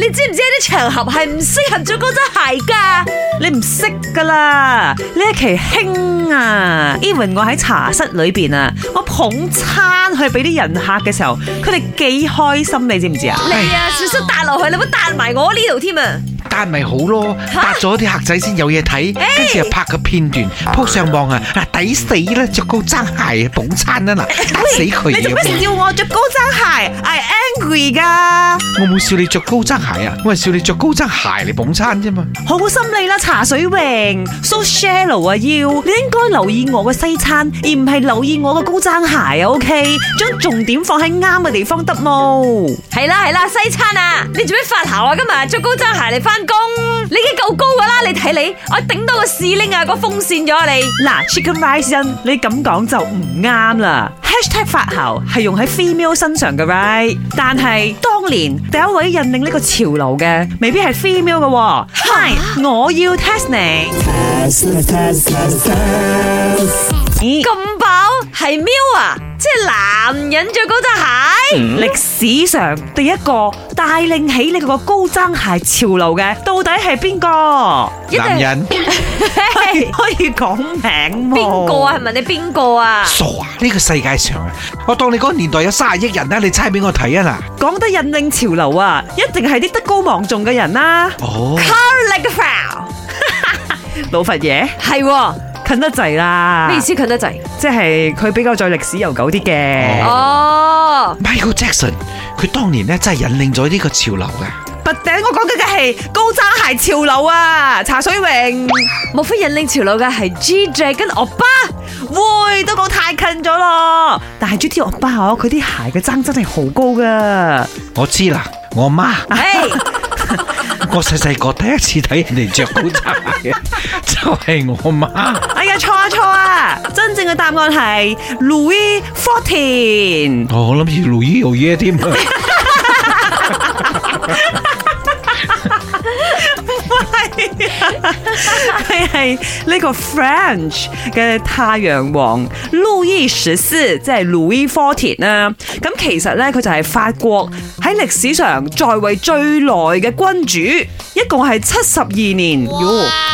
你知唔知啲場合係唔適合着高踭鞋噶？你唔識噶啦，呢一期興啊！even 我喺茶室裏面啊，我捧餐去俾啲人客嘅時候，佢哋幾開心，你知唔知道你啊？係啊唉，雪叔笪落去，你唔好笪埋我呢度添啊！單咪好咯，拍咗啲客仔先有嘢睇，跟住又拍個片段鋪上網啊，嗱抵死啦！著高踭鞋啊，補餐啊嗱，打死佢啊！你做咩要我著高踭鞋，I'm angry 噶。我冇笑你著高踭鞋啊，我係笑你著高踭鞋嚟補餐啫嘛。好心你啦，茶水泳 so shallow 啊，要你應該留意我嘅西餐，而唔係留意我嘅高踭鞋啊。OK，將重點放喺啱嘅地方得冇？係啦係啦，西餐啊，你做咩發姣啊今日著高踭鞋嚟翻？工，你已經夠高噶啦！你睇你，我頂到個士拎啊，個風扇咗你。嗱，Chicken Rice，你咁講就唔啱啦。Hashtag 發姣係用喺 female 身上嘅 right，但係當年第一位引領呢個潮流嘅，未必係 female 嘅。係，我要 test 你。咁。係喵啊！即係男人着高踭鞋，歷史上第一個帶領起呢個高踭鞋潮流嘅，到底係邊個？男人可以講名，邊個啊？係咪你邊個啊？傻啊！呢個世界上，我當你嗰個年代有三十億人啦，你猜俾我睇啊！講得引領潮流啊，一定係啲德高望重嘅人啦。哦，Karl Lagerfeld，老佛爺係。近得滯啦，咩意思近得滯？即係佢比較再歷史悠久啲嘅。哦、oh. oh.，Michael Jackson，佢當年咧真係引領咗呢個潮流嘅。不頂，我講嘅嘅係高踭鞋潮流啊！查水泳， 莫非引領潮流嘅係 G Dragon 歐巴。喂，都講太近咗咯。但係 GD 歐巴嗬，佢啲鞋嘅踭真係好高噶。我知啦，我阿媽。我細細個第一次睇人哋着古仔，就係我媽。哎呀，錯啊錯啊！真正嘅答案係 Louis Fourteen。哦，我諗住 Louis 又嘢添、啊。咩？佢係呢個 French 嘅太陽王路易十四，即係 Louis Fourteen 啦。咁其實呢，佢就係法國喺歷史上在位最耐嘅君主，一共係七十二年。哇！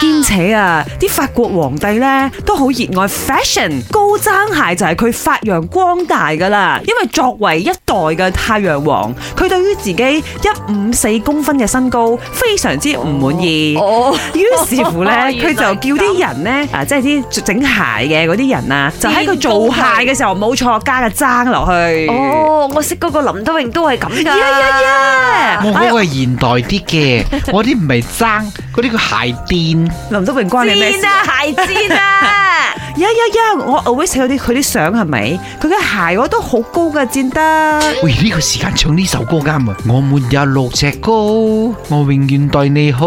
兼且啊，啲法國皇帝呢都好熱愛 fashion，高踭鞋就係佢發揚光大噶啦。因為作為一代嘅太陽王，佢對於自己一五四公分嘅身高非常之唔滿意。Oh. Oh. 於是乎咧，佢就叫啲人咧，啊，即係啲整鞋嘅嗰啲人啊，就喺佢做鞋嘅時候，冇錯，加嘅踭落去。哦，我識嗰個林德榮都係咁㗎。呀呀呀！我嗰個係現代啲嘅，我啲唔係踭，嗰啲叫鞋墊。林德榮關你咩事？啊鞋墊啊！呀呀呀！我 always 睇佢啲佢啲相係咪？佢嘅鞋我都好高㗎，墊得。喂，呢個時間唱呢首歌啱啊！我沒有六尺高，我永遠對你好。